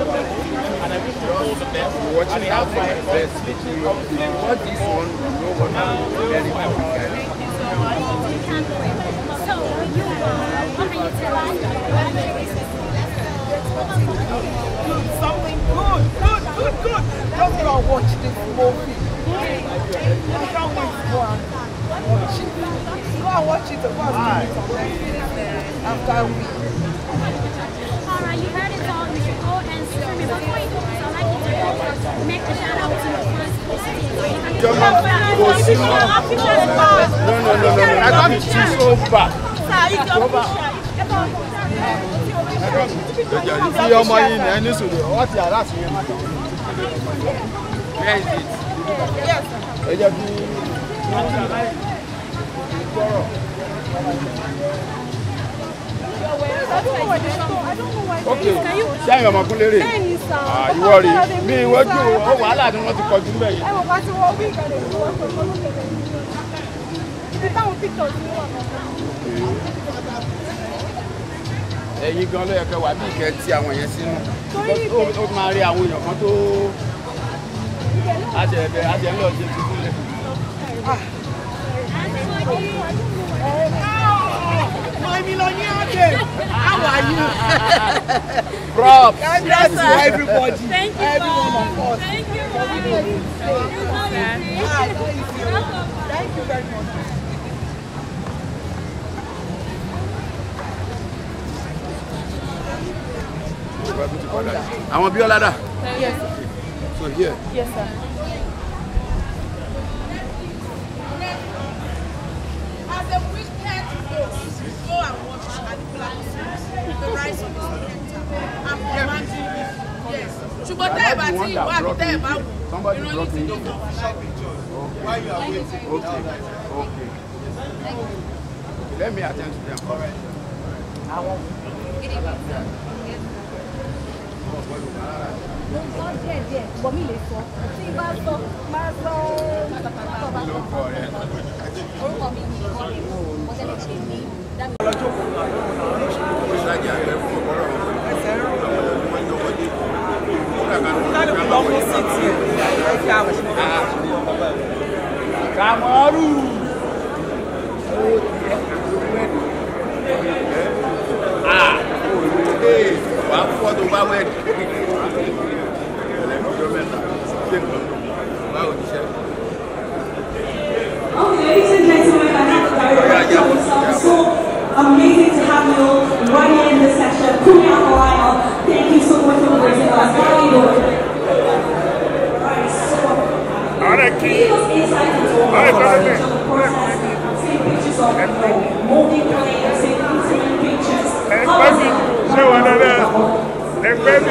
and I watching out for the best. You this one, you am very confident. Thank you so much. You can't wait. So, you are underutilized. Something good, good, good, good. Don't go and watch this movie. not watch it. Go and watch it. Go and watch it. After we. Alright, you heard it. No, no, no, no. I can't choose over. Over. Ìyá ọmọ yìí ni ẹni sọ̀rọ̀ ọ́ ti àrà sí ẹni. Where is it? Ẹ jẹ́ bí gbọ́rọ̀. Okay, ṣé àyàn ọmọkùnrin lè? sàn. ìwọ rí ní iwájú ó wàhálà ni wọ́n ti kọjú bẹ́ẹ̀ yẹn. ẹ wò pàṣẹ wọ wí ìkàlẹ̀ ìlú wọn kò tó lókè lẹ́yìn ibi táwọn píktọ̀ ti wà. ẹ̀yin gan ló yẹ kẹ́ wà bí ìkẹ́ tí àwọn yẹn sínú ó máa rí àwọn èèyàn kan tó àjẹ ẹ̀bẹ̀ àjẹ ńlọ ṣe tuntun lẹ. Mami lo ní àjẹ props. Congrats to everybody. Thank you, everyone of us. Thank you, Thank you, Thank you very much. I Àwọn Bíọ́lá ladder. Yes. So here? Yes, sir. gbogbo tẹ́ ẹ̀ bá ti ìwà àbí tẹ́ you bá wò ìròyìn ti dùn kàn. Okay, okay. Let me attend to them. All right. I díẹ̀ díẹ̀, bọ̀ mí lè sọ. Tí n bá sọ, máa sọ pátápátá. Orúkọ mi ni Kọ́lé, ọ̀sẹ̀ lè ṣe ní Maruf. amazing to have you right here in this session. Kumi Akawano, thank you so much for gracing us. All right, All right, keep. Ẹgbẹ́ mi pictures. wọn dáadáa? Ẹgbẹ́ mi.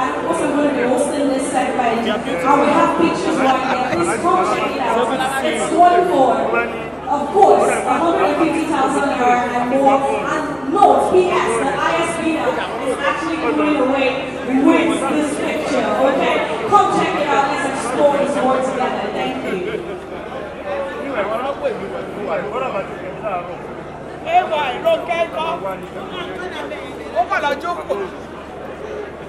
I'm also going to be hosting this segment. I will have pictures right there. Please come check it out. It's one for, of course, 150,000 naira and more. And no, PS, the ISB is actually going away with this picture, okay? Come check it out. Let's explore this more together. Thank you. Ewa, ìrókẹ́ kọ́, ó kọ̀ lọ jókòó.